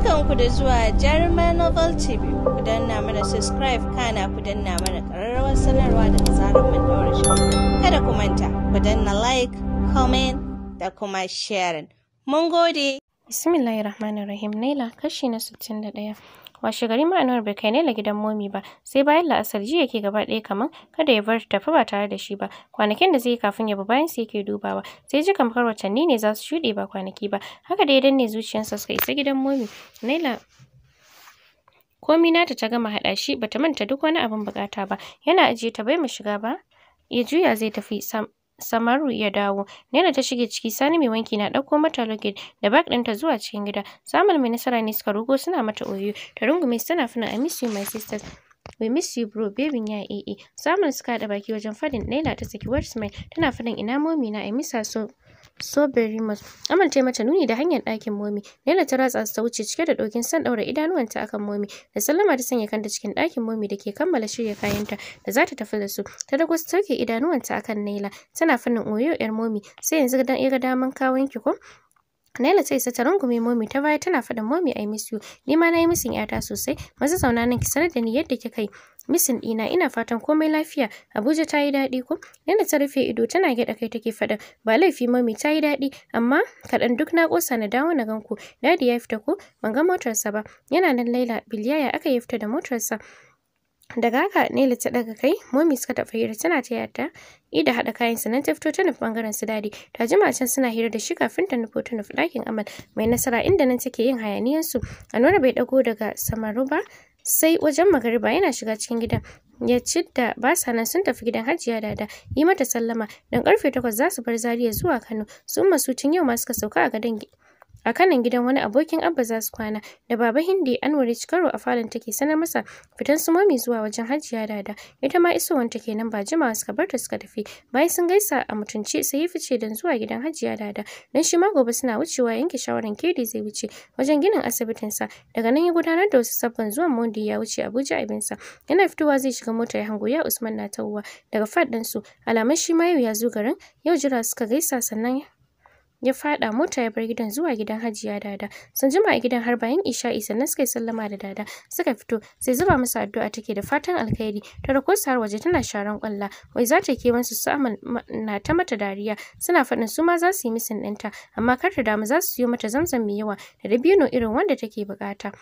barkanku da zuwa jarumar novel tv ku danna mana subscribe kana kudan danna mana ƙararrawar sanarwa da tsarin mun daura shi kada ku manta ku danna like comment da kuma sharing mun gode bismillahirrahmanirrahim rahim naila kashi na 61 washe gari ma Anwar bai kai Naila gidan momi ba sai bayan la'asar ji yake gaba ɗaya kaman kada ya bar ta tafi ba tare da shi ba kwanakin da zai yi kafin ya bi bayan sa yake dubawa sai ji kamar watanni ne za su shuɗe ba kwanaki ba haka da ya danne zuciyarsa suka isa gidan momi Naila komi nata ta gama haɗa shi bata manta duk wani abin bukata ba yana ajiye ta bai mu shiga ba ya juya zai tafi sam Samaru ya dawo. Naira ta shige ciki Sani mai wanki na ɗauko mata luggage da bag ɗinta zuwa cikin gida. Samuel mai nasara ne suka rugo suna mata oyo. Ta rungume su tana fina I miss you my sisters. We miss you bro, babin ya ee. Samuel suka haɗa baki wajen fadin naira ta saki word tana fadin ina momi na I miss her so so very much mata nuni da hanyar ɗakin momi naila ta ratsa ta wuce cike da ɗokin san ɗaura idanuwanta akan momi da sallama ta sanya kanta cikin ɗakin momi da ke kammala shirya kayanta da za ta tafi da su ta dago su sauke idanuwanta akan naila tana fannin oyo yar momi sai yanzu ya ga daman kawon ko Naila ta isa ta rungume momi ta baya tana faɗin momi ai miss you ni ma nayi misin yata sosai maza zauna nan ki sanar da ni yadda kika yi misin ɗina ina fatan komai lafiya Abuja ta yi daɗi ko Naila ta rufe ido tana gyaɗa kai take faɗa ba laifi momi ta yi daɗi amma kaɗan duk na ƙosa na dawo na ganku dadi ya fita ko ban ga motarsa ba yana nan Laila biliya ya aka yi fita da motarsa daga haka Nela ta daga kai momi suka tafi hira tana ta yadda ida haɗa kayan sa ta fito ta nufi bangaren su dadi ta jima can suna hira da shi kafin ta nufo ta nufi ɗakin amal mai nasara inda nan take yin hayaniyan su nuna bai dago daga samaru ba sai wajen magariba yana shiga cikin gidan ya da ba sa nan sun tafi gidan hajiya dada yi mata sallama don karfe takwas za su bar zariya zuwa kano su masu tun yau ma suka sauka a gadon a kanan gidan wani abokin abba za su kwana da baba hindi anwar Cikaro a falon take sanar masa fitan su mami zuwa wajen hajiya dada ita ma isowan take nan ba jimawa suka bar ta suka tafi bayan sun gaisa a mutunci sai ya fice don zuwa gidan hajiya dada dan shi ma gobe suna wucewa yanke shawaran kedi zai wuce wajen ginin asibitin sa daga nan ya gudanar da wasu sabbin zuwan mondi ya wuce abuja abinsa yana fitowa zai shiga mota ya hango ya usman na uwa daga fad su alamun shi ma yau ya zo garin yau jira suka gaisa sannan ya fada mota ya bar gidan zuwa gidan Hajiya Dada. Sun jima a gidan har bayan Isha'i sannan suka yi sallama da Dada. Suka fito sai zuba musu addu'a take da fatan alkhairi. Ta rako su har waje tana sharan kwalla. Wai za ta kewan su Sa'amal na ta mata dariya. Suna fadin su ma za su yi misin ɗinta amma kar ta damu za su siyo mata zamzam mai yawa da dabino irin wanda take bukata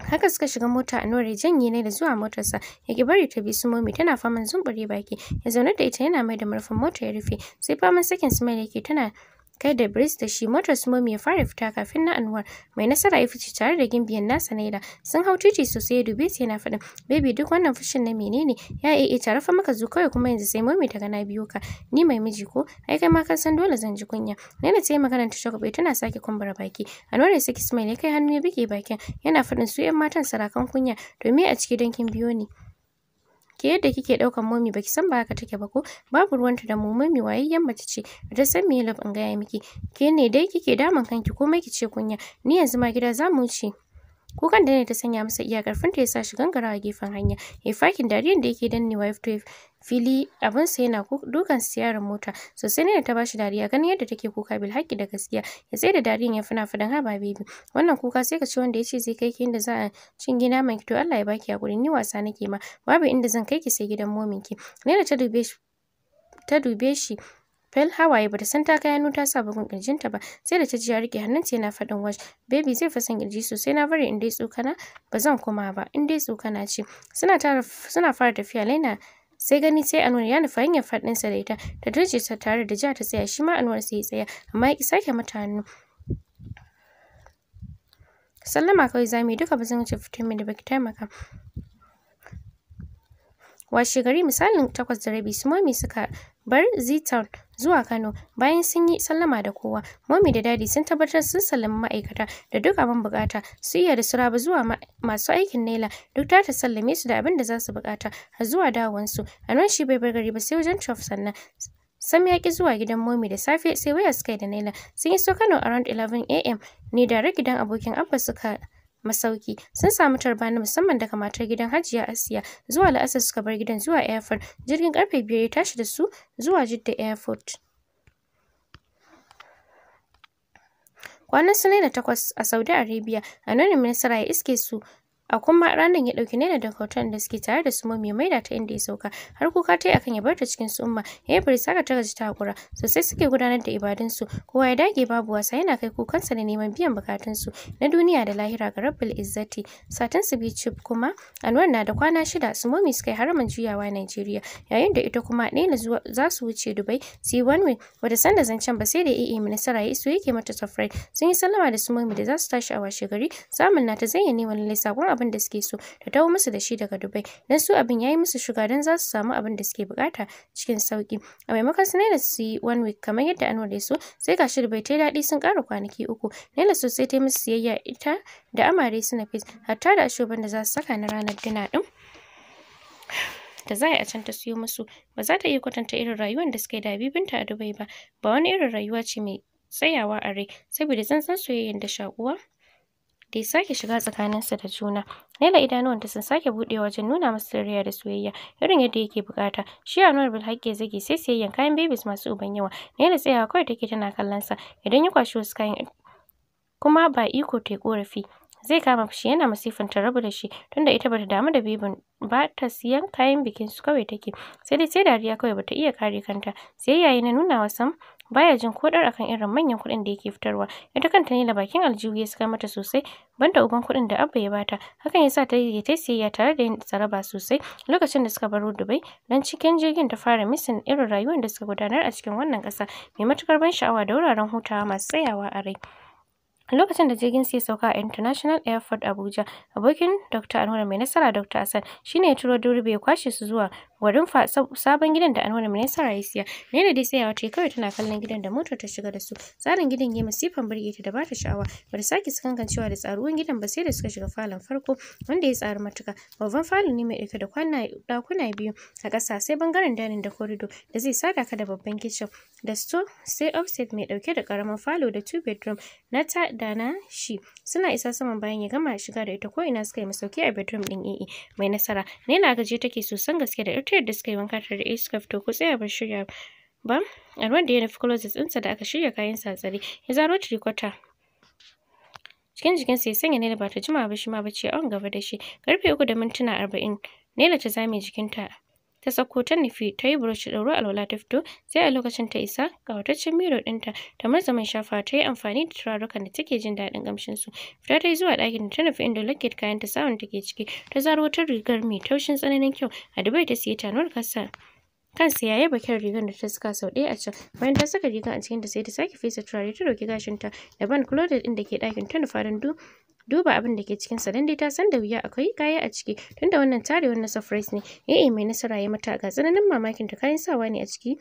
haka suka shiga mota a nore janye ne da zuwa motarsa ya ki bari ta bi su momi tana faman zumbure baki ya zaune da ita yana mai da murfin mota ya rufe sai faman sakin su mai yake tana kada Brice da shi motar Sumom ya fara fita kafin na Anwar mai nasara ya fice tare da gimbiyan nasa Naira sun hau titi sosai ya dube sai yana faɗin baby duk wannan fushin na menene ya iya eh, eh, tare fa maka zuwa kawai kuma yanzu sai momi ta ga na biyo ka ni mai miji ko ai kai ma kan san dole zan ji kunya Naira ta yi magana ta shagwabe tana sake kumbura baki Anwar ya saki smile ya kai hannu ya bige bakin yana faɗin su 'yan matan sarakan kunya to me a ciki don kin biyo ni Ke yadda kike ɗaukan momi baki san ba haka take ba ko? Babu ruwanta da mu waye wayayyen mace ce. Da san me love in gaya miki. Ke ne dai kike daman kanki komai ki ce kunya. Ni yanzu ma gida za mu wuce. kukan da ne ta sanya masa iya karfin ta sa shi gangarawa gefen hanya ya fakin dariyar da yake danne wife to fili abinsa yana dukan siyarar mota sosai ne ta bashi dariya ganin yadda take kuka bil haƙƙi da gaskiya ya sai da dariyan ya fina fadan haba baby wannan kuka sai ka ce wanda ya ce zai kai ki inda za a cin gina mai to Allah ya baki hakuri ni wasa nake ma babu inda zan kai ki sai gidan momin ki ne da ta dube shi ta dube shi Fel hawaye bata san ta kai hannu ta sa bugun kirjinta ba sai da ta ji ya rike hannunta yana faɗin wash baby zai fa san kirji sosai na bari in dai tsokana ba zan koma ba in dai tsokana ce suna tara suna fara tafiya Laina sai gani sai Anwar ya nufa hanyar faɗinsa da ita ta turje ta tare da ja ta tsaya shi ma Anwar sai ya tsaya amma ya ki sake mata hannu sallama kawai za yi duka ba zan wuce fitar min da baki taimaka washe gari misalin takwas da rabi su momi suka bar Z-Town zuwa Kano bayan sun yi sallama da kowa. Momi da Dadi sun tabbatar sun sallami ma'aikata da duk abin bukata. Su iya da Suraba zuwa masu aikin Naila duk ta ta sallame su da abin da za su bukata har zuwa dawowansu. nan shi bai bar gari ba sai wajen Chof sannan. Sam ya ki zuwa gidan Momi da safe sai waya suka yi da Naila. Sun iso Kano around 11 a.m. ne da gidan abokin Abba suka masauki sun samu tarba musamman daga matar gidan Hajiya Asiya zuwa la'asar suka bar gidan zuwa airport jirgin karfe biyar ya tashi da su zuwa Jidda airport kwanan sunai da takwas a Saudi Arabia a nan ministra ya iske su a kuma ranar ya dauki naina da hoton da suke tare da su mai maida ta inda ya sauka har kuka ta akan ya bar ta cikin su umma yayi bari saka ta gaji ta hakura sosai suke gudanar da ibadun su kowa ya dage babu wasa yana kai kukansa da neman biyan bukatun su na duniya da lahira ga rabbul izzati satin su bi chip kuma anwar na da kwana shida su suka yi haraman juyawa Najeriya yayin da ita kuma naina za su wuce Dubai su yi one way wata sanda zancen ba sai da ee ministara ya iso yake mata tafrai sun yi sallama da su da za su tashi a washe gari samun na ta neman wani lissafin abin da suke so ta dawo musu da shi daga Dubai dan su abin yayi musu shuga dan za su samu abin da suke bukata cikin sauki a maimakon su da su yi one week kamar yadda Anwar ya so sai gashi Dubai ta daɗi sun kara kwanaki uku Naila so sai ta yi musu siyayya ita da amare suna fit hatta da shoban da za su saka na ranar dina din da za a yi a can ta siyo musu ba za ta iya kwatanta irin rayuwar da suka yi da bibinta a Dubai ba ba wani irin rayuwa ce mai tsayawa a rai saboda san soyayyar da shakuwa da ya sake shiga tsakaninsa da juna. Naila idanuwanta sun sake buɗewa wajen nuna masa tarayya da soyayya irin yadda yake bukata. Shi a Anwar haƙƙi zagi sai siyayyan kayan babies masu uban yawa. naira tsayawa kawai take tana kallon sa idan ya kwashi wasu kayan kuma ba iko ta yi ƙorafi zai kama fushi yana masifan rabu da shi tunda ita bata damu da bibin ba ta siyan kayan bikin su kawai take sai dai sai dariya kawai bata iya kare kanta sai yayi na nuna wa sam baya jin kodar akan irin manyan kuɗin da yake fitarwa ita kanta ne da bakin aljihu ya saka mata sosai banda uban kuɗin da abba ya bata hakan yasa ta yi ta siyayya tare da yin saraba sosai lokacin da suka baro dubai dan cikin jirgin ta fara misin irin rayuwar da suka gudanar a cikin wannan ƙasa mai matukar ban sha'awa da wuraren hutawa masu tsayawa a rai A lokacin da jirgin sai sauka a International Airport Abuja, abokin Dr. Anwar mai nasara Dr. Hassan shine ne ya turo durbe ya kwashe su zuwa Warin sabon gidan da anwani mai siya Raisiya. Naira dai sayawa ta kawai tana kallon gidan da motar ta shiga da su. Tsarin gidan ya masifan birge ta da bata sha'awa. Bata sake sakankancewa da tsaruwan gidan ba sai da suka shiga falon farko wanda ya tsari matuka. Babban falon ne mai ɗauke da kwana ɗakuna biyu a ƙasa sai bangaren danin da korido da zai sada ka da babban kicin da sto sai offset mai ɗauke da ƙaramin falo da two bedroom na ta da na shi suna isa saman bayan ya gama shiga da ita ko ina suka yi masauki a bedroom ɗin ee mai nasara. Naira gaje take sosan gaske da ta yadda suka yi wanka tare da suka fito ku tsaya ba shirya ba Arwan da ya nufi closet ɗinsa da aka shirya kayan sa tsare ya zaro kwata? cikin jikinsa ya sanya Naila ba ta jima ba shi ma bace on gaba da shi karfe uku da mintuna arba'in nela ta zame jikinta ta sako ta nufi ta yi burushi ɗauro alwala ta fito sai a lokacin ta isa ƙawataccen miro ɗinta ta murza man shafa ta yi amfani da turarukan da take jin daɗin su fita ta yi zuwa ɗakin ta nufi inda locket kayan ta samun take ciki ta zaro wata rigar mai taushin tsananin kyau a dubai ta siya tanuwar kasa kansa ya yaba rigar da ta saka sau ɗaya a can bayan ta saka rigar a cikin da sai ta sake fesa turare ta ɗauki gashinta da ban closet ɗin da ke ɗakin ta nufa don duba abin da ke cikin sa dan dai ta san da wuya akwai kaya a ciki tunda wannan tarewar na surprise ne eh mai nasara ya mata ga tsananin mamakin ta kayan sawa ne a ciki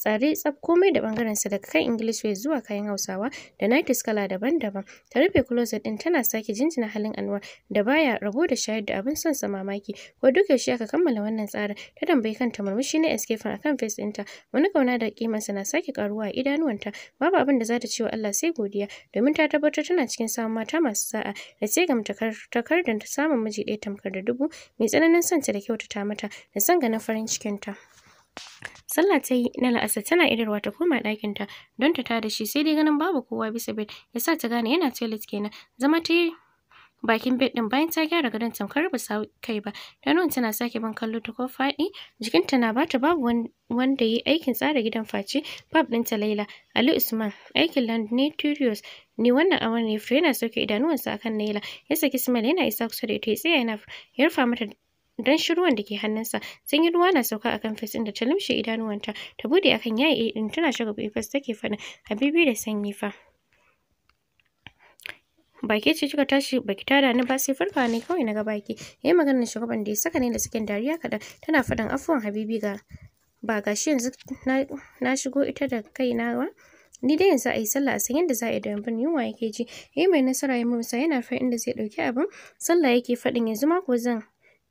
tsare tsaf komai da bangaren sa daga kan English way zuwa kayan Hausawa da nighties kala daban-daban. Ta rufe closet din tana sake jinjina halin Anwar da baya rabo da shayar da abin son sa mamaki. Ko duk yaushe aka kammala wannan tsarin ta tambayi kanta murmushi na escape akan face ɗinta. Wani kauna da kimansa na sake karuwa a idanuwanta. Babu abin da za ta ce wa Allah sai godiya domin ta tabbatar tana cikin samun mata masu sa'a da sai gam da ta samun miji ɗaya tamkar da dubu mai tsananin son ta da kyautata mata da son ganin farin cikinta. Sallah ta yi na la'asar tana idarwa ta koma ɗakinta don ta tada shi sai dai ganin babu kowa bisa bed ya sa ta gane yana toilet kenan. Zama ta yi bakin bed din bayan ta gyara gadon tamkar ba sa kai ba. Danuwan tana sake ban kallo ta ko faɗi jikinta na bata babu wanda yi aikin tsara gidan face bab ɗinta Laila. Ali Usman aikin Land ne ni wannan awon ne yana sauke idanuwansa akan Naila ya saki Ismail yana isa kusa da ita ya tsaya yana ya rufa mata don shiruwan da ke hannunsa sanyin ruwa na sauka akan fes ɗin da ta lumshe idanuwanta ta bude akan yayi ɗin tana shiga fes take fada habibi da sanyi fa baki ce kika tashi baki tada ni ba sai farka ne kawai na baki yayi maganar shugaban da ya saka ne da sakin dariya kaɗan tana faɗin afuwan habibi ga ba gashi yanzu na shigo ita da kaina ba ni dai yanzu a yi sallah a san yadda za a yi da ban yunwa yake ji yayi mai nasara ya musa yana fa inda zai ɗauki abin sallah yake faɗin yanzu ma ko zan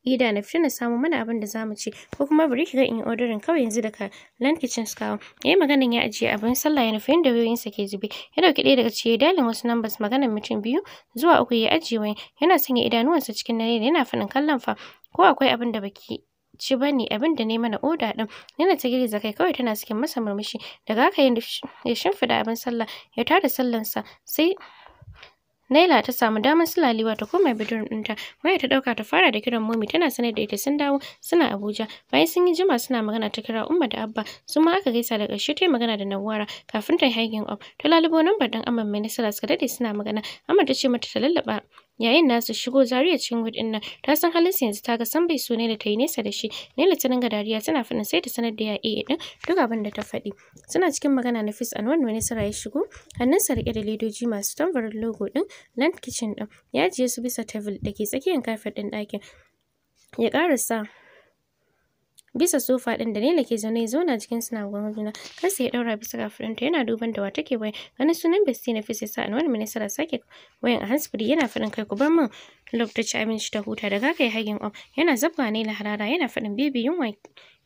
ida na fita na samu mana abin da zamu ci ko kuma bari ki ga in ordering kawai yanzu daga land kitchen kawo yi maganan ya ajiye abin sallah ya da wayoyin wayoyinsa ke zube ya dauki ɗaya daga cikin dalin wasu numbers maganan mutum biyu zuwa uku ya ajiye wani yana sanya idanuwansa cikin nare yana fadin kallon fa ko akwai abin da baki ci bane abin da ne mana oda din nina ta girgiza kai kawai tana cikin masa murmushi daga haka ya shimfida abin sallah ya tada sallansa sai Naila ta samu damar sulalewa ta koma bidiyon ɗinta. waye ta ɗauka ta fara da kiran Momi tana sanar da ita sun dawo suna Abuja. Bayan sun yi jima suna magana ta kira Umma da Abba. Su ma aka gaisa da ƙarshe ta yi magana da Nawara kafin ta yi hanging up. Ta lalubo nambar ɗin Amman mai nasara suka daɗe suna magana. Amma ta ce mata ta lallaɓa yayin nasu shigo Zaria cikin hood din nan ta san halin halinsa yanzu ta ga san bai so da ta yi nesa da shi Naila ta dinga dariya tana fadin sai ta sanar da ya eh din duk abin da ta faɗi suna cikin magana na Nafis Anwar wani sara ya shigo hannunsa rike da ledoji masu tambarin logo din land kitchen din ya ji su bisa table dake tsakiyar kafet din ɗakin ya ƙarasa bisa sofa ɗin da nela ke zaune zauna cikin suna gwamnan juna sai ya daura bisa ga kafaɗinta yana duban da wa take wayan ganin sunan Besti na fisa sa Anwar Minister sake wayan a hansfiri yana faɗin kai ku bar min Love ta ci abinci ta huta daga kai hagin om yana zabga ne harara yana faɗin bibi yunwa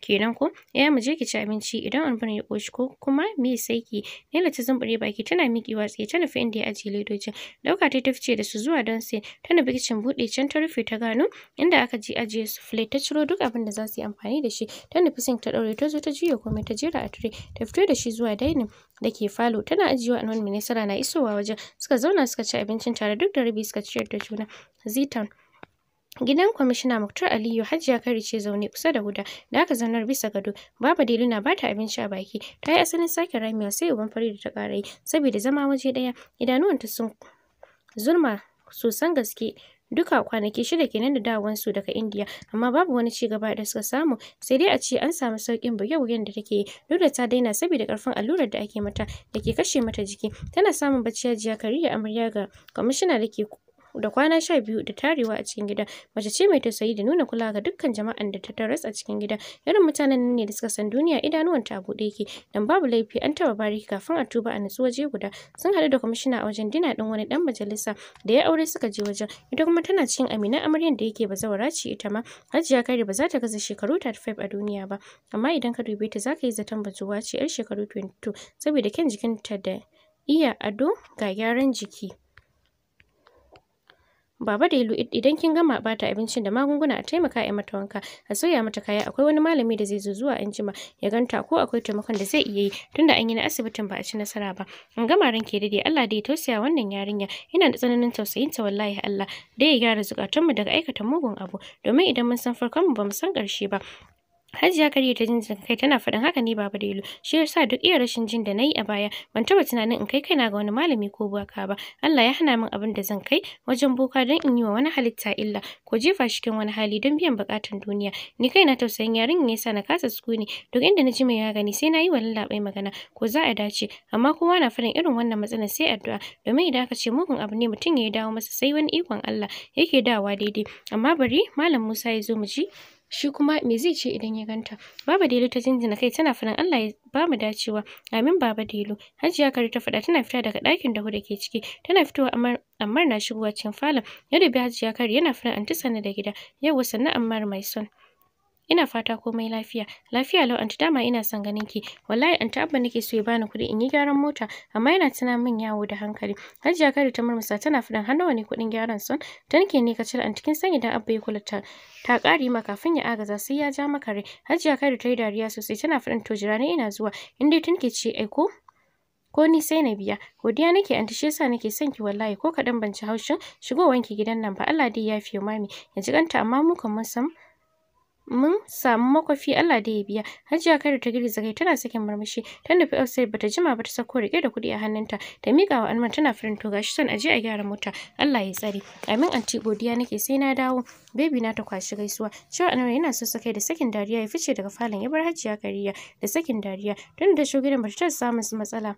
kenan ko ya mu je ki ci abinci idan an anbar ya koshi ko kuma me sai ki na ta zumbure baki tana miki tsaye ta nufi inda ya ajiye ledojin dauka ta ta fice da su zuwa don sai ta nufi kicin buɗe can ta rufe ta gano inda aka je ajiye su fle ta ciro duk abin da za su yi amfani da shi ta nufi sink ta daure ta zo ta juya komai ta jera a tire ta fito da shi zuwa dining da ke falo tana ajiyewa anon minisara na isowa wajen suka zauna suka ci abincin tare duk da rabi suka ciyar da juna zitan Gidan kwamishina Muktar Aliyu Hajiya Kari ce zaune kusa da guda da aka zaunar bisa gado. Baba Delina ba ta abinci a baki. Ta yi asalin sake ramiya sai uban da ta ƙara yi saboda zama waje daya Idanuwanta sun zulma sosan gaske duka kwanaki shida kenan da su daga indiya amma babu wani ci gaba da suka samu sai dai a ce an samu saukin buge-bugen da take yi duk ta daina saboda karfin allurar da ake mata da ke kashe mata jiki tana samun bacci jiya kariya amarya ga kwamishina da ke da kwana sha biyu da tarewa a cikin gida mace ce mai tausayi da nuna kula ga dukkan jama'an da ta taras a cikin gida irin mutanen ne da suka san duniya idanuwan ta bude yake dan babu laifi an taba bariki kafin a tuba a nutsu waje guda sun haɗu da kwamishina a wajen dina ɗin wani ɗan majalisa da ya aure suka je wajen ita kuma tana cikin amina amaryan da yake bazawara ce ita ma hajiya kare ba za ta gaza shekaru 35 a duniya ba amma idan ka dube ta zaka yi zaton bazuwa ce yar shekaru 22 saboda kyan jikinta da iya ado ga gyaran jiki Baba Delu idan kin gama bata abincin da magunguna a taimaka a mata wanka a soya mata kaya akwai wani malami da zai zo zuwa anjima ya ganta ko akwai taimakon da zai iya yi tunda an yi na asibitin ba a ci nasara ba in gama ranke dade Allah da ya tausaya wannan yarinya ina da tsananin tausayin ta wallahi Allah da ya gyara zukatun mu daga aikata mugun abu domin idan mun san farkon mu ba mu san karshe ba Hajiya Kariya ta jinjin kai tana faɗin haka ne Baba Delu. Shi ya sa duk iya rashin jin da na yi a baya ban taɓa tunanin in kai kaina ga wani malami ko buwaka ba. Allah ya hana min abin da zan kai wajen boka don in yi wa wani halitta illa ko jefa shi cikin wani hali don biyan buƙatun duniya. Ni na tausayin yarinya sa na kasa sukuni duk inda na ji mai magani sai na yi wa lallaɓai magana ko za a dace amma kowa na faɗin irin wannan matsalar sai addu'a domin idan aka ce mugun abu ne mutum ya yi dawo masa sai wani ikon Allah yake dawa daidai amma bari Malam Musa ya zo mu ji shi kuma me zai ce idan ya ganta baba delu ta jinjina kai tana faɗin Allah ya ba mu dacewa amin baba delu hajiya kare ta faɗa tana fita daga ɗakin dahu da ke ciki tana fitowa amma ammar na shigowa cikin falon ya dubi hajiya kare yana fara anti sanna da gida yau wasanni ammar mai son ina fata komai lafiya lafiya lau anti dama ina son ganin ki wallahi anti abba nake so ya bani kuɗi in yi gyaran mota amma yana tuna min yawo da hankali hajiya kare ta murmusa tana faɗin har nawa ne kuɗin gyaran son tun ke ne ka cire anti kin san idan abba ya kula ta ta ma kafin ya agaza sai ya ja maka rai hajiya kare ta yi dariya sosai tana faɗin to jira ne ina zuwa in dai tunke ce ai ko ni sai na biya godiya nake anti shi yasa nake son ki wallahi ko kaɗan ban ci haushin shigowanki gidan nan ba Allah dai ya fiye mami ya ji kanta amma mu kan mun san mun samu makwafi Allah da ya biya Hajiya Kare ta girgiza kai tana sakin murmushi ta nufi outside bata jima ba ta sako rike da kuɗi a hannunta ta mika wa Alman tana farin to gashi son aje a gyara mota Allah ya tsare amin anti godiya nake sai na dawo baby na ta kwashi gaisuwa cewa Anwar yana so sakai da sakin dariya ya fice daga falon ya bar Hajiya Kariya da sakin dariya tun da shugidan bata ta samu matsala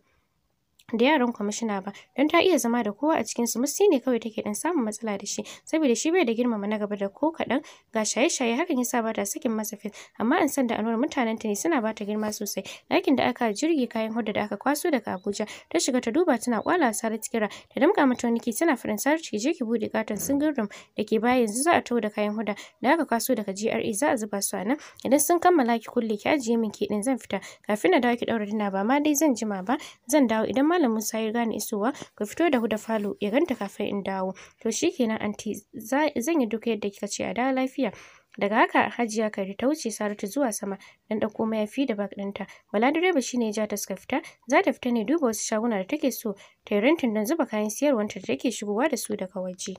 da yaran kwamishina ba don ta iya zama da kowa a cikinsu musti ne kawai take dan samun matsala da shi saboda shi bai da girmama na gaba da ko kaɗan ga shaye-shaye hakan yasa ba ta sakin masa fil amma an san da anwar mutanen ta ne suna ba ta girma sosai ɗakin da aka jirgi kayan hudda da aka kwaso daga abuja ta shiga ta duba tana kwala sarat cikira ta damka mata wani tana faɗin sar ciki je ki bude katon single room da ke baya yanzu za a taho da kayan hudda da aka kwaso daga gre za a zuba su a nan idan sun kammala ki kulle ki ajiye min ki din zan fita kafin na dawo ki daura dina ba ma dai zan jima ba zan dawo idan ma Malam Musa ya gane isowa, ka fito da huda falo ya ganta kafin in dawo. To shikenan anti zan yi duka yadda kika ce a dawo lafiya. Daga haka Hajiya Kari ta wuce Saratu zuwa sama dan ɗauko mayafi da bak ɗinta. Bala direba shine ya ja ta suka fita, za ta fita ne duba wasu shaguna da take so ta yi rentin don zuba kayan siyarwanta da take shigowa da su daga waje.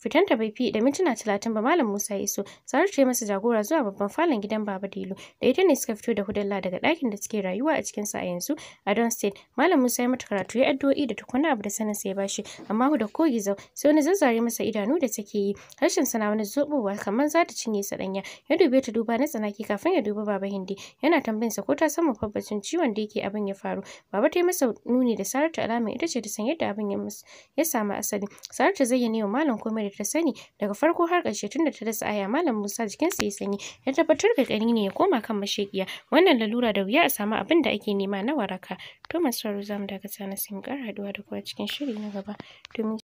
Fitanta bai fi da mintuna talatin ba Malam Musa ya iso. Saratu ce masa jagora zuwa babban falon gidan Baba Dilo. Da ita ne suka fito da hudalla daga ɗakin da suke rayuwa a cikin sa a yanzu a Don State. Malam Musa ya mata karatu ya addu'o'i da tukuna abu da sanin sa ya bashi. Amma hu da ko gizo sai wani zazzare masa idanu da take yi. Harshen sana wani zobowa kamar za ta cinye sa ɗanya. Ya dube ta duba na tsanaki kafin ya duba Baba Hindi. Yana tambayin sa ko ta san mafabbacin ciwon da yake abin ya faru. Baba ta yi masa nuni da Saratu alama ita ce ta san yadda abin ya samu asali. Saratu zayyane wa Malam komai da ta sani daga farko har ƙarshe tunda ta dasa aya malam Musa sa ya sanyi ya tabbatar da ƙani ne ya koma kan mashekiya wannan lalura da wuya a samu abin da ake nema na waraka to sauraro zamu dakata na sun kara haɗuwa da kuma cikin shiri na gaba